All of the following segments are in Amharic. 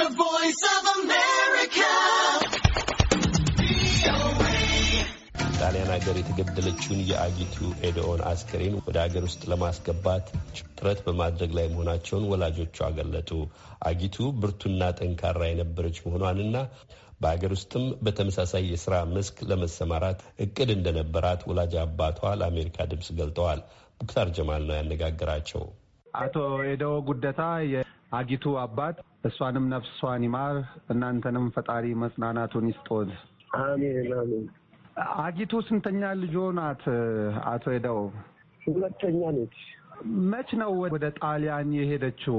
The Voice of America. ጣሊያን ሀገር የተገደለችውን የአጊቱ ኤድኦን አስከሬን ወደ ሀገር ውስጥ ለማስገባት ጥረት በማድረግ ላይ መሆናቸውን ወላጆቿ ገለጡ። አጊቱ ብርቱና ጠንካራ የነበረች መሆኗንና በሀገር ውስጥም በተመሳሳይ የስራ መስክ ለመሰማራት እቅድ እንደነበራት ወላጅ አባቷ ለአሜሪካ ድምፅ ገልጠዋል። ሙክታር ጀማል ነው ያነጋገራቸው። አቶ ኤደኦ ጉደታ የአጊቱ አባት እሷንም ነፍሷን ይማር፣ እናንተንም ፈጣሪ መጽናናቱን ይስጦት። አሜን አሜን። አጊቱ ስንተኛ ልጆ ናት አቶ ሄደው? ሁለተኛ ነች። መች ነው ወደ ጣሊያን የሄደችው?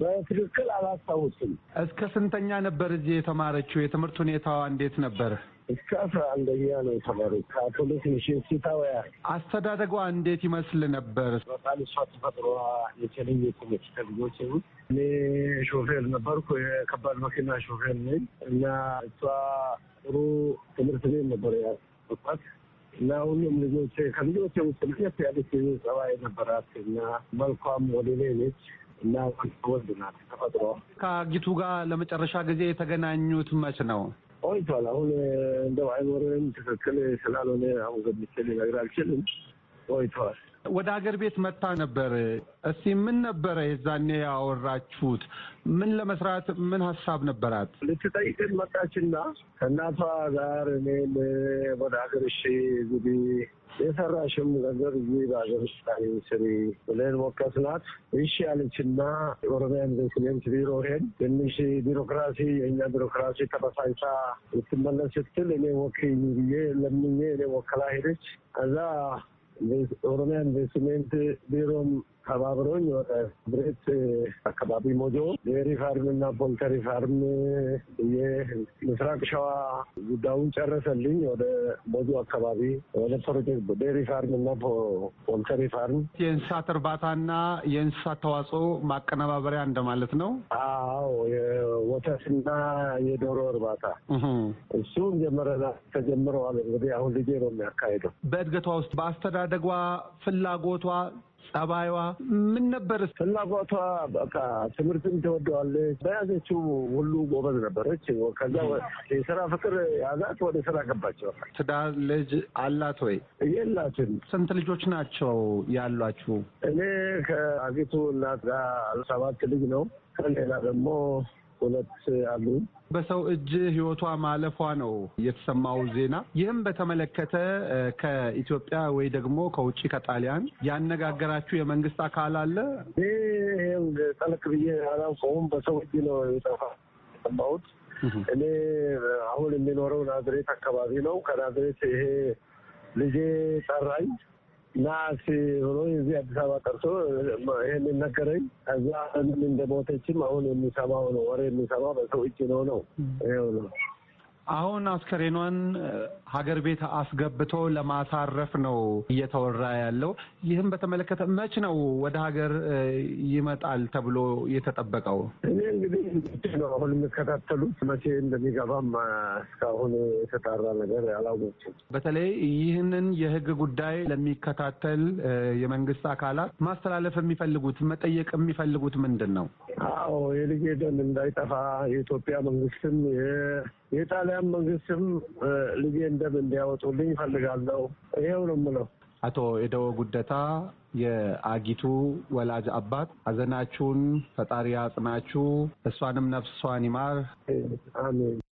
በትክክል አላስታውስም። እስከ ስንተኛ ነበር እዚህ የተማረችው? የትምህርት ሁኔታዋ እንዴት ነበር? እስከ አስራ አንደኛ ነው የተማረች ካቶሊክ ሚሽንሲታውያ። አስተዳደጓ እንዴት ይመስል ነበር? በጣም እሷ ተፈጥሯ የተለየ ከልጆች ውስጥ እኔ ሾፌር ነበርኩ፣ የከባድ መኪና ሾፌር ነኝ እና እሷ ጥሩ ትምህርት ቤት ነበር ያስኳት እና ሁሉም ልጆች ከልጆች ውስጥ ለየት ያለች ጸባይ ነበራት እና መልኳም ወደ ሌሎች እና ወልድ ናት ተፈጥሮ። ከአጊቱ ጋር ለመጨረሻ ጊዜ የተገናኙት መች ነው? ቆይቷል። አሁን እንደው አይኖርም ትክክል ስላልሆነ አሁን ገብቼ ልነግርህ አልችልም። ቆይቷል። ወደ ሀገር ቤት መታ ነበር። እስቲ ምን ነበረ የዛኔ ያወራችሁት? ምን ለመስራት ምን ሀሳብ ነበራት? ልትጠይቅን መጣችና ከእናቷ ጋር እኔን ወደ ሀገር እሺ እንግዲህ የሰራሽም ገንዘብ እዚህ በሀገር ውስጥ ስሪ ብለን ሞከስናት። እሺ ያለችና ኦሮሚያ ኢንቨስትሜንት ቢሮ ሄድ ትንሽ ቢሮክራሲ የእኛ ቢሮክራሲ ተበሳይታ ልትመለስ ስትል እኔ ወክኝ ብዬ ለምኜ እኔ ወከላ ሄደች። ከዛ des, ordenan de su mente, dieron ተባብረውኝ ወደ ብሬት አካባቢ ሞጆ ዴሪ ፋርም እና ፖልተሪ ፋርም የምስራቅ ሸዋ ጉዳዩን ጨረሰልኝ። ወደ ሞጆ አካባቢ ወደ ፕሮጀክት ዴሪ ፋርም እና ፖልተሪ ፋርም የእንስሳት እርባታና የእንስሳት ተዋጽኦ ማቀነባበሪያ እንደማለት ነው። አዎ የወተትና የዶሮ እርባታ እሱም ጀመረና ተጀምረዋል። እንግዲህ አሁን ልጄ ነው የሚያካሄደው። በእድገቷ ውስጥ በአስተዳደጓ ፍላጎቷ ጠባይዋ ምን ነበር? ፍላጎቷ በቃ ትምህርትን ትወደዋለች። በያዘችው ሁሉ ጎበዝ ነበረች። ከዛ የስራ ፍቅር ያዛት፣ ወደ ስራ ገባቸው። ትዳር ልጅ አላት ወይ? የላትም። ስንት ልጆች ናቸው ያሏችሁ? እኔ ከአጊቱ እናት ጋር ሰባት ልጅ ነው። ከሌላ ደግሞ ሁለት አሉ። በሰው እጅ ህይወቷ ማለፏ ነው የተሰማው ዜና። ይህም በተመለከተ ከኢትዮጵያ ወይ ደግሞ ከውጭ ከጣሊያን ያነጋገራችሁ የመንግስት አካል አለ? ይህም ጠለቅ ብዬ አላውቀውም። በሰው እጅ ነው የጠፋ ሰማሁት። እኔ አሁን የሚኖረው ናዝሬት አካባቢ ነው። ከናዝሬት ይሄ ልጄ ጠራኝ። ናስ ሆኖ የዚህ አዲስ አበባ ቀርሶ ይህን ነገረኝ። ከዛ እንደሞተችም አሁን የሚሰማው ነው ወሬ የሚሰማ በሰው እጅ ነው ነው ነው አሁን አስከሬኗን ሀገር ቤት አስገብቶ ለማሳረፍ ነው እየተወራ ያለው። ይህም በተመለከተ መች ነው ወደ ሀገር ይመጣል ተብሎ የተጠበቀው? እኔ እንግዲህ ነው አሁን የሚከታተሉት መቼ እንደሚገባም እስካሁን የተጣራ ነገር አላወቅም። በተለይ ይህንን የህግ ጉዳይ ለሚከታተል የመንግስት አካላት ማስተላለፍ የሚፈልጉት መጠየቅ የሚፈልጉት ምንድን ነው? አዎ የልጄ ደም እንዳይጠፋ የኢትዮጵያ መንግስትም የጣሊያን መንግስትም ልጄ እንደም እንዲያወጡልኝ ይፈልጋለሁ። ይሄው ነው የምለው። አቶ የደወ ጉደታ የአጊቱ ወላጅ አባት፣ ሀዘናችሁን ፈጣሪ ያጽናችሁ፣ እሷንም ነፍሷን ይማር። አሜን።